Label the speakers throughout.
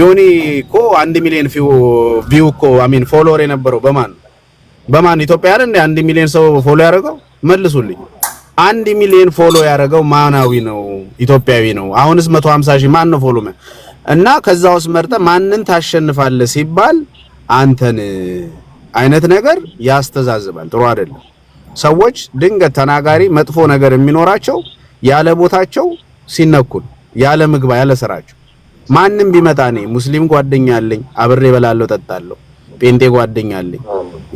Speaker 1: ዮኒ እኮ አንድ ሚሊዮን ቪው እኮ አሚን ፎሎወር የነበረው በማን በማን ኢትዮጵያ አይደል አንድ ሚሊዮን ሰው ፎሎ ያደረገው መልሱልኝ። አንድ ሚሊዮን ፎሎ ያደረገው ማናዊ ነው ኢትዮጵያዊ ነው። አሁንስ 150 ሺህ ማን ነው ፎሎ እና ከዛ ውስጥ መርጠ ማንን ታሸንፋለ ሲባል አንተን አይነት ነገር ያስተዛዝባል። ጥሩ አይደለም። ሰዎች ድንገት ተናጋሪ መጥፎ ነገር የሚኖራቸው ያለ ቦታቸው ሲነኩን ያለ ምግባ ያለ ስራቸው ማንም ቢመጣ እኔ ሙስሊም ጓደኛ አለኝ፣ አብሬ እበላለሁ፣ ጠጣለሁ። ጴንጤ ጓደኛ አለኝ፣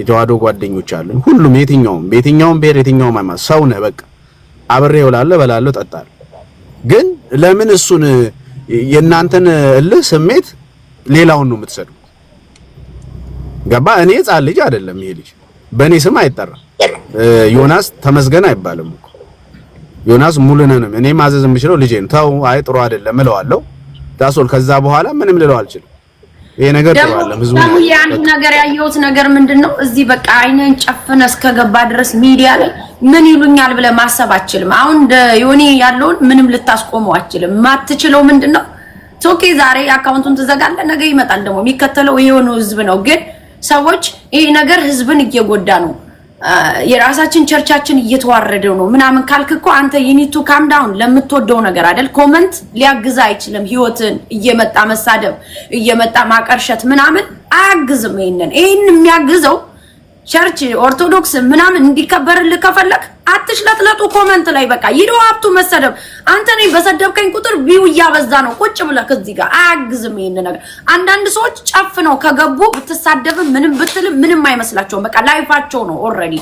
Speaker 1: የተዋህዶ ጓደኞች አሉኝ። ሁሉም የትኛውም የትኛውም ብሔር የትኛውም ሃይማኖት ሰው ነህ። በቃ አብሬ እውላለሁ፣ እበላለሁ፣ ጠጣለሁ። ግን ለምን እሱን የእናንተን እልህ ስሜት ሌላውን ነው የምትሰዱ ገባ? እኔ ህፃን ልጅ አይደለም ይሄ ልጅ በእኔ ስም አይጠራም። ዮናስ ተመስገን አይባልም እኮ ዮናስ ሙሉነንም እኔ ማዘዝ የምችለው ልጄን ተው፣ አይ ጥሩ አይደለም እለዋለሁ ዳሶል ከዛ በኋላ ምንም ልለው አልችልም። ይሄ ነገር ደግሞ
Speaker 2: የአንድ ነገር ያየሁት ነገር ምንድን ነው እዚህ በቃ አይነን ጨፍነ እስከገባ ድረስ ሚዲያ ላይ ምን ይሉኛል ብለ ማሰብ አችልም። አሁን ዮኒ ያለውን ምንም ልታስቆመው አችልም። ማትችለው ምንድን ነው ቶኬ ዛሬ አካውንቱን ትዘጋለ፣ ነገ ይመጣል ደግሞ የሚከተለው የሆነ ህዝብ ነው። ግን ሰዎች ይሄ ነገር ህዝብን እየጎዳ ነው የራሳችን ቸርቻችን እየተዋረደው ነው ምናምን ካልክ እኮ አንተ ዩኒቱ ካም ዳውን ለምትወደው ነገር አይደል? ኮመንት ሊያግዝ አይችልም። ህይወትን እየመጣ መሳደብ እየመጣ ማቀርሸት ምናምን አያግዝም። ይሄንን ይሄን የሚያግዘው ቸርች ኦርቶዶክስ ምናምን እንዲከበርልህ ከፈለክ አትሽለጥለጡ። ኮመንት ላይ በቃ ይዶ ሀብቱ መሰደብ። አንተ ነኝ በሰደብከኝ ቁጥር ቢው እያበዛ ነው። ቁጭ ብለህ እዚህ ጋር አያግዝም። ይህን ነገር አንዳንድ ሰዎች ጨፍ ነው ከገቡ ብትሳደብ ምንም ብትል ምንም አይመስላቸውም። በቃ ላይፋቸው ነው ኦልሬዲ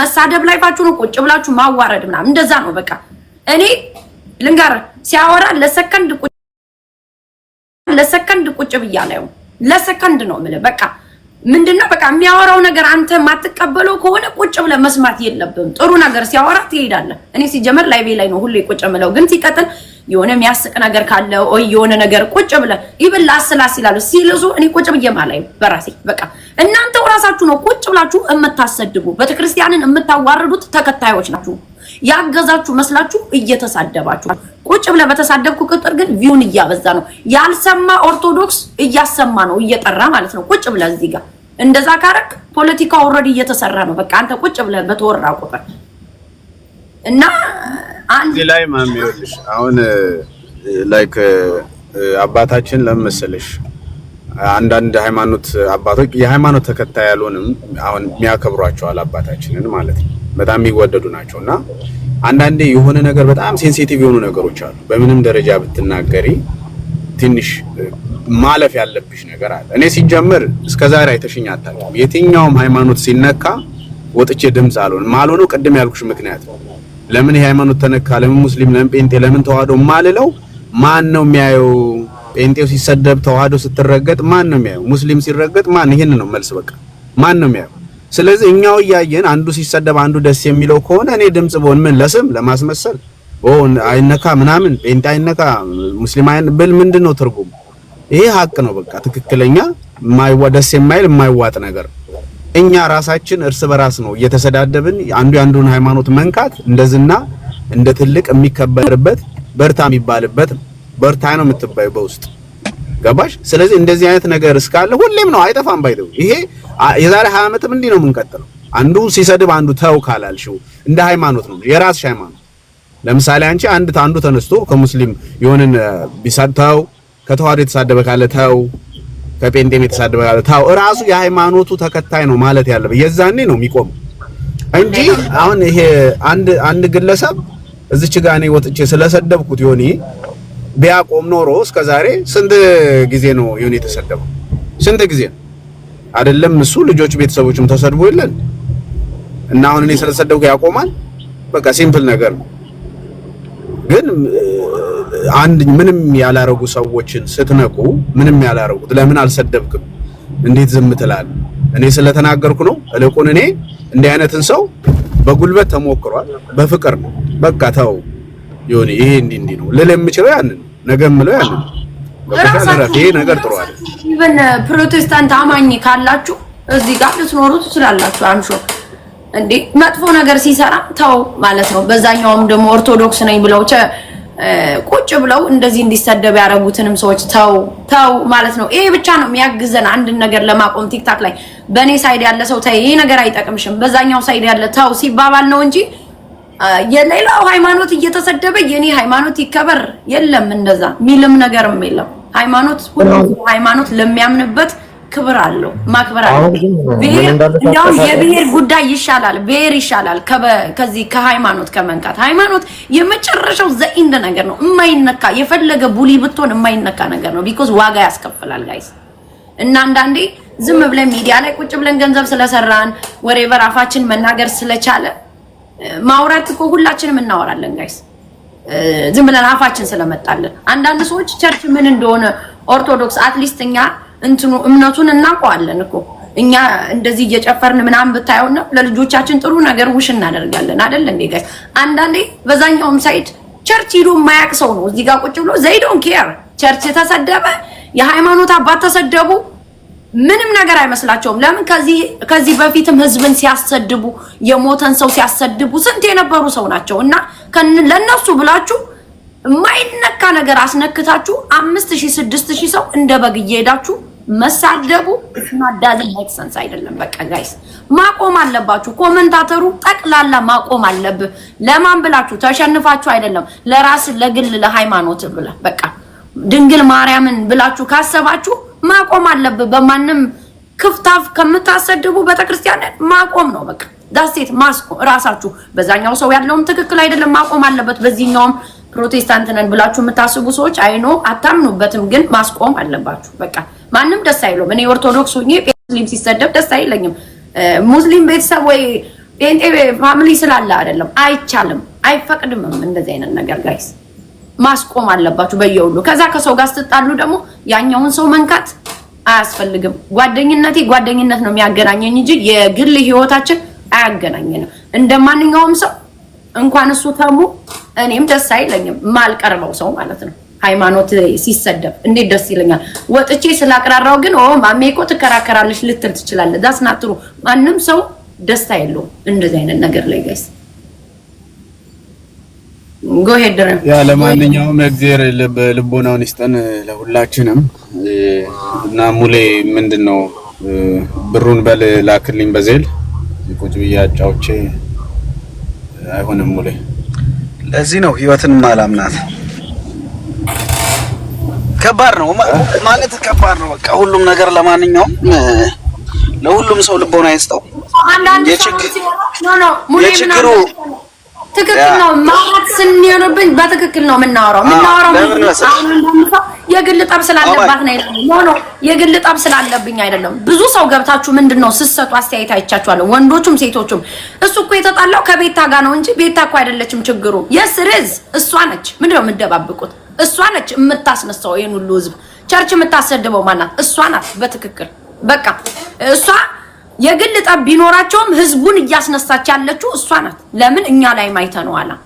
Speaker 2: መሳደብ ላይፋችሁ ነው። ቁጭ ብላችሁ ማዋረድ ምናምን እንደዛ ነው በቃ። እኔ ልንገርህ ሲያወራ ለሰከንድ ቁጭ ለሰከንድ ቁጭ ብያ ነው ለሰከንድ ነው የምልህ በቃ ምንድነው በቃ የሚያወራው ነገር አንተ የማትቀበለው ከሆነ ቁጭ ብለህ መስማት የለብም። ጥሩ ነገር ሲያወራ ትሄዳለህ። እኔ ሲጀመር ላይቤ ላይ ነው ሁሌ ቁጭ ምለው ግን ሲቀጥል የሆነ የሚያስቅ ነገር ካለ ወይ የሆነ ነገር ቁጭ ብለ ይብል ላስላስ ይላሉ ሲልዙ፣ እኔ ቁጭ ብዬ ማላይ በራሴ በቃ። እናንተው ራሳችሁ ነው ቁጭ ብላችሁ የምታሰድቡ፣ ቤተክርስቲያንን የምታዋርዱት ተከታዮች ናችሁ። ያገዛችሁ መስላችሁ እየተሳደባችሁ ቁጭ ብለ በተሳደብኩ ቁጥር ግን ቪውን እያበዛ ነው። ያልሰማ ኦርቶዶክስ እያሰማ ነው እየጠራ ማለት ነው። ቁጭ ብለ እዚህ ጋር እንደዛ ካረክ ፖለቲካ ኦልሬዲ እየተሰራ ነው። በቃ አንተ ቁጭ ብለ በተወራ ቁጥር እና
Speaker 3: እዚህ ላይ ማሚ ይኸውልሽ አሁን ላይክ አባታችን ለምን መሰለሽ አንዳንድ ሃይማኖት አባቶች የሃይማኖት ተከታይ ያልሆንም አሁን የሚያከብሯቸዋል አባታችንን ማለት ነው። በጣም የሚወደዱ ናቸው እና አንዳንዴ የሆነ ነገር በጣም ሴንሲቲቭ የሆኑ ነገሮች አሉ። በምንም ደረጃ ብትናገሪ ትንሽ ማለፍ ያለብሽ ነገር አለ። እኔ ሲጀምር እስከ ዛሬ አይተሽኝ አታውቂም። የትኛውም ሃይማኖት ሲነካ ወጥቼ ድምፅ አልሆንም። አልሆነው ቅድም ያልኩሽ ምክንያት ነው ለምን የሃይማኖት ተነካ፣ ለምን ሙስሊም፣ ለምን ጴንጤ፣ ለምን ተዋህዶ ማልለው ማን ነው የሚያየው? ጴንጤው ሲሰደብ ተዋህዶ ስትረገጥ ማን ነው የሚያየው? ሙስሊም ሲረገጥ ማን? ይሄን ነው መልስ። በቃ ማን ነው የሚያየው? ስለዚህ እኛው እያየን አንዱ ሲሰደብ አንዱ ደስ የሚለው ከሆነ እኔ ድምጽ ብሆን ምን ለስም ለማስመሰል ኦ አይነካ ምናምን ጴንጤ አይነካ ሙስሊም አይን ብል ምንድን ነው ትርጉም? ይሄ ሀቅ ነው። በቃ ትክክለኛ ደስ የማይል የማይዋጥ ነገር እኛ ራሳችን እርስ በራስ ነው እየተሰዳደብን አንዱ የአንዱን ሃይማኖት መንካት እንደዝና እንደ ትልቅ የሚከበርበት በርታ የሚባልበት በርታ ነው የምትባዩ በውስጥ ገባሽ። ስለዚህ እንደዚህ አይነት ነገር እስካለ ሁሌም ነው አይጠፋም። ባይደው ይሄ የዛሬ 20 ዓመትም እንዲህ ነው የምንቀጥለው። አንዱ ሲሰድብ አንዱ ተው ካላልሽው እንደ ሃይማኖት ነው የራስሽ ሃይማኖት። ለምሳሌ አንቺ አንድ አንዱ ተነስቶ ከሙስሊም የሆነን ቢሳደብ ተው፣ ከተዋህዶ የተሳደበ ካለ ተው በጴንጤም የተሳደበ ያለ ታው ራሱ የሃይማኖቱ ተከታይ ነው ማለት ያለበት የዛኔ ነው የሚቆመው እንጂ አሁን ይሄ አንድ አንድ ግለሰብ እዚች ጋር እኔ ወጥቼ ስለሰደብኩት ዮኒ ቢያቆም ኖሮ እስከ ዛሬ ስንት ጊዜ ነው ዮኒ የተሰደበው? ስንት ጊዜ ነው አይደለም? እሱ ልጆች ቤተሰቦችም ተሰድቦ የለን እና አሁን እኔ ስለሰደብኩ ያቆማል? በቃ ሲምፕል ነገር ነው። ግን አንድ ምንም ያላረጉ ሰዎችን ስትነቁ ምንም ያላረጉት ለምን አልሰደብክም? እንዴት ዝም ትላል? እኔ ስለተናገርኩ ነው። እልቁን እኔ እንዲህ አይነትን ሰው በጉልበት ተሞክሯል፣ በፍቅር ነው። በቃ ተው ይሁን፣ ይሄ እንዲህ እንዲህ ነው ልል የምችለው ያንን ነገ የምለው ያንን
Speaker 2: ይሄ ነገር ጥሩ አይደል። ፕሮቴስታንት አማኝ ካላችሁ እዚህ ጋር ልትኖሩ ትችላላችሁ። አንሾ እንዴ መጥፎ ነገር ሲሰራ ተው ማለት ነው። በዛኛውም ደግሞ ኦርቶዶክስ ነኝ ብለው ቁጭ ብለው እንደዚህ እንዲሰደብ ያደረጉትንም ሰዎች ተው ተው ማለት ነው። ይሄ ብቻ ነው የሚያግዘን አንድን ነገር ለማቆም። ቲክታክ ላይ በእኔ ሳይድ ያለ ሰው ተይ፣ ይሄ ነገር አይጠቅምሽም፣ በዛኛው ሳይድ ያለ ተው ሲባባል ነው እንጂ የሌላው ሃይማኖት እየተሰደበ የኔ ሃይማኖት ይከበር የለም፣ እንደዛ ሚልም ነገርም የለም። ሃይማኖት ሁሉ ሃይማኖት ለሚያምንበት ክብር አለው፣ ማክበር አለው። የብሔር ጉዳይ ይሻላል፣ ብሔር ይሻላል ከዚህ ከሃይማኖት ከመንካት። ሃይማኖት የመጨረሻው ዘኢንድ ነገር ነው፣ የማይነካ የፈለገ ቡሊ ብትሆን የማይነካ ነገር ነው። ቢኮዝ ዋጋ ያስከፍላል ጋይስ። እና አንዳንዴ ዝም ብለን ሚዲያ ላይ ቁጭ ብለን ገንዘብ ስለሰራን ወሬቨር አፋችን መናገር ስለቻለ ማውራት እኮ ሁላችንም እናወራለን ጋይስ ዝም ብለን አፋችን ስለመጣለን። አንዳንድ ሰዎች ቸርች ምን እንደሆነ ኦርቶዶክስ አትሊስት እኛ እንትኑ እምነቱን እናውቀዋለን እኮ እኛ እንደዚህ እየጨፈርን ምናምን ነው ለልጆቻችን ጥሩ ነገር ውሽ እናደርጋለን አይደል እንዴ ጋይስ። አንዳንዴ በዛኛውም ሳይድ ቸርች ሂዶ የማያውቅ ሰው ነው እዚህ ጋር ቁጭ ብሎ ዘይ ዶንት ኬር ቸርች ተሰደበ፣ የሃይማኖት አባት ተሰደቡ ምንም ነገር አይመስላቸውም። ለምን ከዚህ ከዚህ በፊትም ህዝብን ሲያሰድቡ የሞተን ሰው ሲያሰድቡ ስንት የነበሩ ሰው ናቸው እና ለእነሱ ብላችሁ የማይነካ ነገር አስነክታችሁ አምስት ሺህ ስድስት ሺህ ሰው እንደ በግ እየሄዳችሁ መሳደቡ ማዳዝ ሜክ አይደለም። በቃ ጋይስ ማቆም አለባችሁ። ኮመንታተሩ ጠቅላላ ማቆም አለብህ። ለማን ብላችሁ ተሸንፋችሁ አይደለም፣ ለራስ ለግል ለሃይማኖት ብለህ በቃ ድንግል ማርያምን ብላችሁ ካሰባችሁ ማቆም አለብህ። በማንም ክፍታፍ ከምታሰድቡ ቤተክርስቲያንን ማቆም ነው በቃ ዳሴት ማስቆም ራሳችሁ። በዛኛው ሰው ያለውም ትክክል አይደለም፣ ማቆም አለበት በዚህኛውም ፕሮቴስታንት ነን ብላችሁ የምታስቡ ሰዎች አይኖ አታምኑበትም፣ ግን ማስቆም አለባችሁ። በቃ ማንም ደስ አይለውም። እኔ ኦርቶዶክስ ሆኜ ሙስሊም ሲሰደብ ደስ አይለኝም። ሙስሊም ቤተሰብ ወይ ጴንጤ ፋሚሊ ስላለ አይደለም፣ አይቻልም፣ አይፈቅድምም። እንደዚህ አይነት ነገር ጋይስ ማስቆም አለባችሁ በየሁሉ። ከዛ ከሰው ጋር ስትጣሉ ደግሞ ያኛውን ሰው መንካት አያስፈልግም። ጓደኝነቴ ጓደኝነት ነው የሚያገናኘኝ እንጂ የግል ህይወታችን አያገናኘንም። እንደ ማንኛውም ሰው እንኳን እሱ ተሙ እኔም ደስ አይለኝም። ማልቀርበው ሰው ማለት ነው። ሃይማኖት ሲሰደብ እንዴት ደስ ይለኛል። ወጥቼ ስላቅራራው ግን ኦ ማሜ እኮ ትከራከራለች ልትል ትችላለ። ዳስናትሩ ማንም ሰው ደስታ የለውም እንደዚህ አይነት ነገር ላይ ጋይስ
Speaker 3: ያ ለማንኛውም እግዚአብሔር ልቦናውን ይስጠን ለሁላችንም። እና ሙሌ ምንድን ነው ብሩን በል ላክልኝ በዜል ቁጭ ብዬ አጫውቼ አይሆንም ሙሌ።
Speaker 1: ለዚህ ነው ህይወትን ማላምናት። ከባድ ነው ማለት ከባድ ነው በቃ ሁሉም ነገር። ለማንኛውም ለሁሉም ሰው ልቦና አይስጠው። የችግሩ
Speaker 2: ትክክል ነው ማለት ስንሆንብን በትክክል ነው የምናወራው የምናወራው የግል ጠብ ስላለባት ነው አይደለም። የግል ጠብ ስላለብኝ አይደለም። ብዙ ሰው ገብታችሁ ምንድነው ስትሰጡ አስተያየት አይቻችኋለሁ፣ ወንዶቹም ሴቶቹም። እሱ እኮ የተጣላው ከቤታ ጋር ነው እንጂ ቤታ እኮ አይደለችም ችግሩ። የስ ሬዝ እሷ ነች። ምንድነው የምደባብቁት? እሷ ነች የምታስነሳው ይሄን ሁሉ ህዝብ። ቸርች የምታሰድበው ማናት? እሷ ናት በትክክል በቃ እሷ የግል ጠብ ቢኖራቸውም ህዝቡን እያስነሳች ያለችው እሷ ናት። ለምን እኛ ላይ ማይተነዋላ